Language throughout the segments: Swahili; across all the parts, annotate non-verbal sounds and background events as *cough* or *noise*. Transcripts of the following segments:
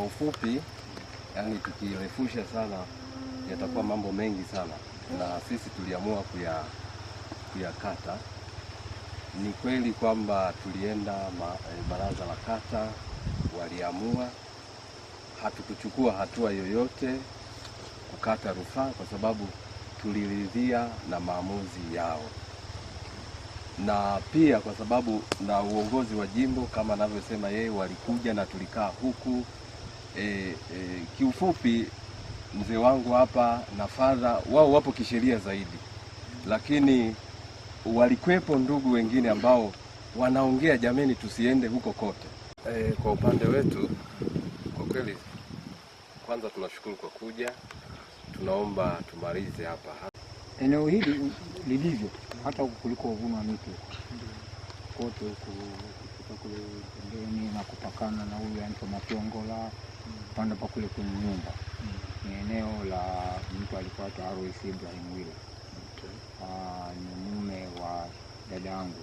Kwa ufupi, yani tukirefusha sana yatakuwa mambo mengi sana, na sisi tuliamua kuya kuyakata. Ni kweli kwamba tulienda ma, e, baraza la kata waliamua, hatukuchukua hatua yoyote kukata rufaa kwa sababu tuliridhia na maamuzi yao, na pia kwa sababu na uongozi wa jimbo kama anavyosema yeye, walikuja na tulikaa huku e, e, kiufupi mzee wangu hapa na fadha wao wapo kisheria zaidi, lakini walikwepo ndugu wengine ambao wanaongea, jameni, tusiende huko kote. E, kwa upande wetu kwa kweli, kwanza tunashukuru kwa kuja, tunaomba tumalize hapa eneo hili lilivyo, hata kuliko uvuma miti kote huku kule pembeni na kupakana na huyu anaitwa Mapyongola kupanda pa kule kwenye nyumba mm. ni eneo la mtu alikuwa Alois Ibrahim Wila. Okay. Ah, ni mume wa dada yangu,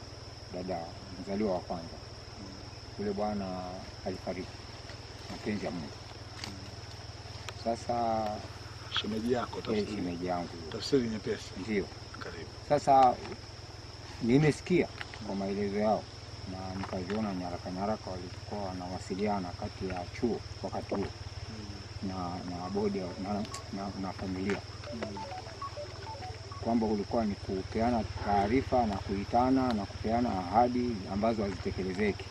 dada mzaliwa wa kwanza. Mm. ule bwana alifariki, mapenzi ya Mungu. Mm. Sasa shemeji yako, shemeji yangu, tafsiri nyepesi, ndio karibu. Sasa nimesikia kwa maelezo yao na nikaziona nyaraka nyaraka walikuwa wanawasiliana kati ya chuo wakati huo mm. na na bodi na, na, na familia kwamba kulikuwa ni kupeana taarifa na kuitana na kupeana ahadi ambazo hazitekelezeki.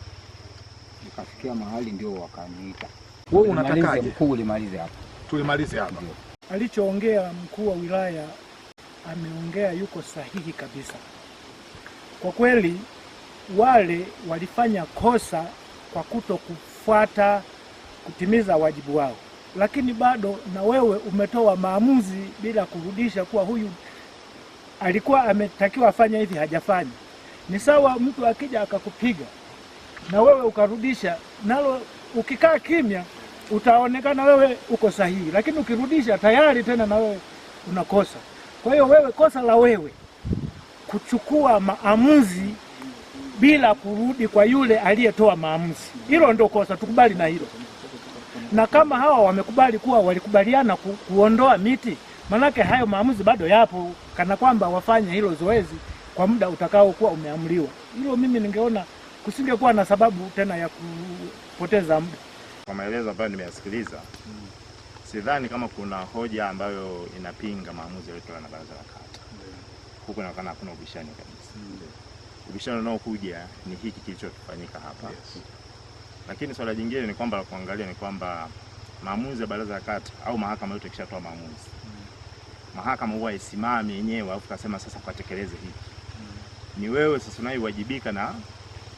Nikafikia mahali ndio wakaniita, wewe unatakaje? Mkuu, ulimalize hapa, tulimalize hapa. Alichoongea mkuu wa wilaya ameongea, yuko sahihi kabisa kwa kweli wale walifanya kosa kwa kuto kufuata kutimiza wajibu wao, lakini bado na wewe umetoa maamuzi bila kurudisha kuwa huyu alikuwa ametakiwa afanya hivi, hajafanya. Ni sawa mtu akija akakupiga na wewe ukarudisha nalo, ukikaa kimya utaonekana wewe uko sahihi, lakini ukirudisha tayari tena na wewe unakosa. Kwa hiyo wewe, kosa la wewe kuchukua maamuzi bila kurudi kwa yule aliyetoa maamuzi. Hilo ndio kosa, tukubali na hilo. Na kama hawa wamekubali kuwa walikubaliana ku, kuondoa miti, manake hayo maamuzi bado yapo, kana kwamba wafanye hilo zoezi kwa muda utakaokuwa umeamriwa. Hilo mimi ningeona kusingekuwa na sababu tena ya kupoteza muda. Kwa maelezo ambayo nimeyasikiliza, hmm, sidhani kama kuna hoja ambayo inapinga maamuzi yaliyotolewa na baraza la kata. Hmm, huku inaonekana hakuna ubishani kabisa. Hmm ubishano unaokuja ni hiki kilichofanyika hapa yes. Lakini swala jingine ni kwamba la kuangalia ni kwamba maamuzi ya baraza la kata au mahakama yote ikishatoa maamuzi mm. mahakama huwa isimami yenyewe au kasema sasa katekeleze hiki mm. ni wewe sasa unaiwajibika na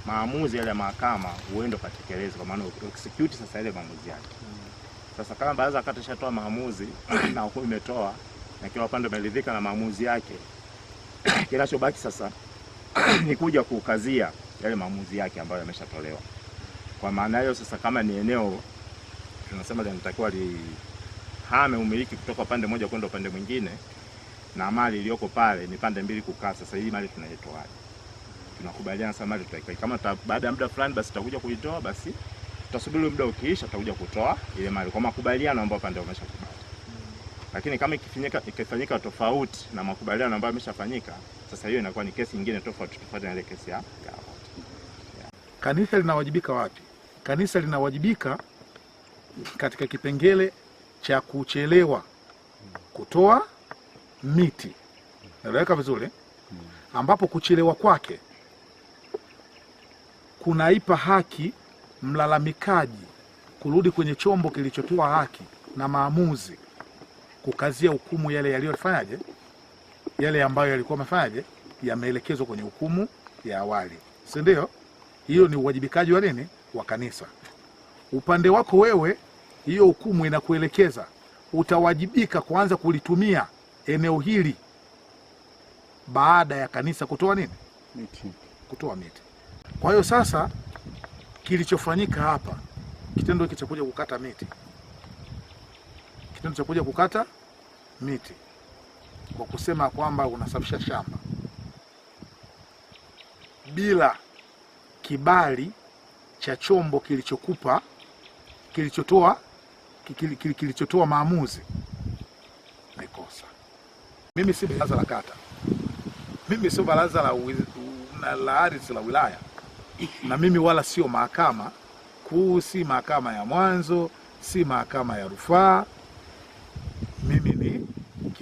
maamuzi yale ya mahakama uende ukatekeleze, kwa maana execute sasa yale maamuzi yake mm. Sasa kama baraza la kata ishatoa maamuzi *clears throat* na hukumu imetoa na kila upande umeridhika na maamuzi yake *clears throat* kinachobaki sasa *clears throat* ni kuja kukazia yale maamuzi yake ambayo yameshatolewa. Kwa maana hiyo sasa, kama ni eneo tunasema linatakiwa lihame umiliki kutoka upande moja kwenda upande mwingine, na mali iliyoko pale ni pande mbili kukaa. Sasa hii mali tunaitoaje? Tunakubaliana sasa mali tutaikai kama baada ya muda fulani, basi tutakuja kuitoa, basi tutasubiri muda ukiisha, tutakuja kutoa ile mali kwa makubaliano ambayo pande wameshakubali lakini kama ikifanyika, ikifanyika tofauti na makubaliano ambayo yameshafanyika, sasa hiyo inakuwa ni kesi nyingine tofauti tofauti na ile kesi ya Galvert. Yeah. Kanisa linawajibika wapi? Kanisa linawajibika katika kipengele cha kuchelewa kutoa miti, naeleweka vizuri, eh? hmm. ambapo kuchelewa kwake kunaipa haki mlalamikaji kurudi kwenye chombo kilichotoa haki na maamuzi kukazia hukumu yale yaliyofanyaje, yale ambayo yalikuwa mafanyaje, yameelekezwa kwenye hukumu ya awali, si ndio? Hiyo ni uwajibikaji wa nini, wa kanisa. Upande wako wewe, hiyo hukumu inakuelekeza, utawajibika kuanza kulitumia eneo hili baada ya kanisa kutoa nini, miti, kutoa miti. Kwa hiyo sasa, kilichofanyika hapa kitendo hiki cha kuja kukata miti kitendo cha kuja kukata miti kwa kusema kwamba unasafisha shamba bila kibali cha chombo kilichokupa kilichotoa kilichotoa maamuzi ni kosa. Mimi si baraza la kata, mimi sio baraza la, la ardhi la wilaya, na mimi wala sio mahakama kuu, si mahakama ya mwanzo, si mahakama ya rufaa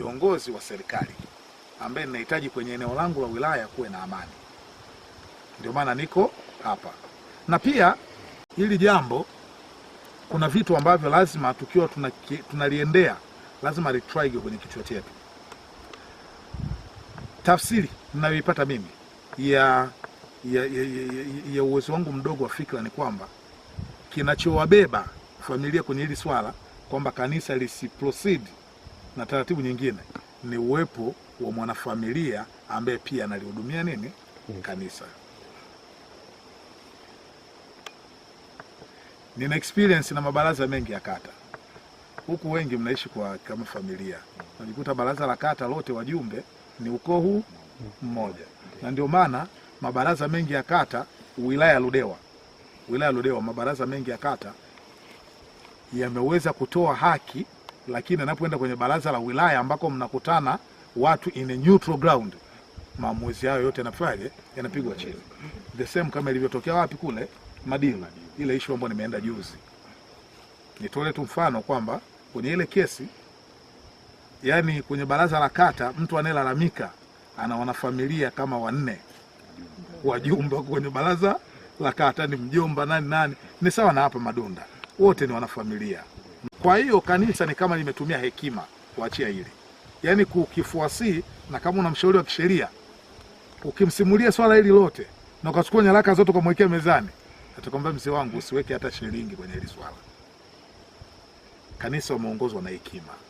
kiongozi wa serikali ambaye ninahitaji kwenye eneo langu la wilaya kuwe na amani. Ndio maana niko hapa, na pia hili jambo, kuna vitu ambavyo lazima tukiwa tunaliendea lazima litwaige kwenye kichwa chetu. Tafsiri ninayoipata mimi ya ya, ya, ya, ya uwezo wangu mdogo wa fikra ni kwamba kinachowabeba familia kwenye hili swala kwamba kanisa lisiproceed na taratibu nyingine ni uwepo wa mwanafamilia ambaye pia analihudumia nini mm. kanisa. Nina experience na mabaraza mengi ya kata huku, wengi mnaishi kwa kama familia, najikuta baraza la kata lote wajumbe ni ukoo huu mmoja, na ndio maana mabaraza mengi ya kata wilaya ya Ludewa, wilaya ya Ludewa, mabaraza mengi ya kata yameweza kutoa haki lakini anapoenda kwenye baraza la wilaya ambako mnakutana watu in a neutral ground, maamuzi hayo yote yanafanyaje? Yanapigwa chini, the same kama ilivyotokea wapi? Kule Madini, ile issue ambayo nimeenda juzi. nitole tu mfano kwamba kwenye ile kesi, yani kwenye baraza la kata, mtu anayelalamika ana wanafamilia kama wanne wajumba kwenye baraza la kata, ni mjomba nani nani, ni sawa na hapa Madunda, wote ni wanafamilia. Kwa hiyo kanisa ni kama limetumia hekima kuachia hili, yaani kukifuasi, na kama unamshauri wa kisheria ukimsimulia swala hili lote na ukachukua nyaraka zote ukamwekea mezani, atakwambia mzee wangu, usiweke hata shilingi kwenye hili swala. Kanisa wameongozwa na hekima.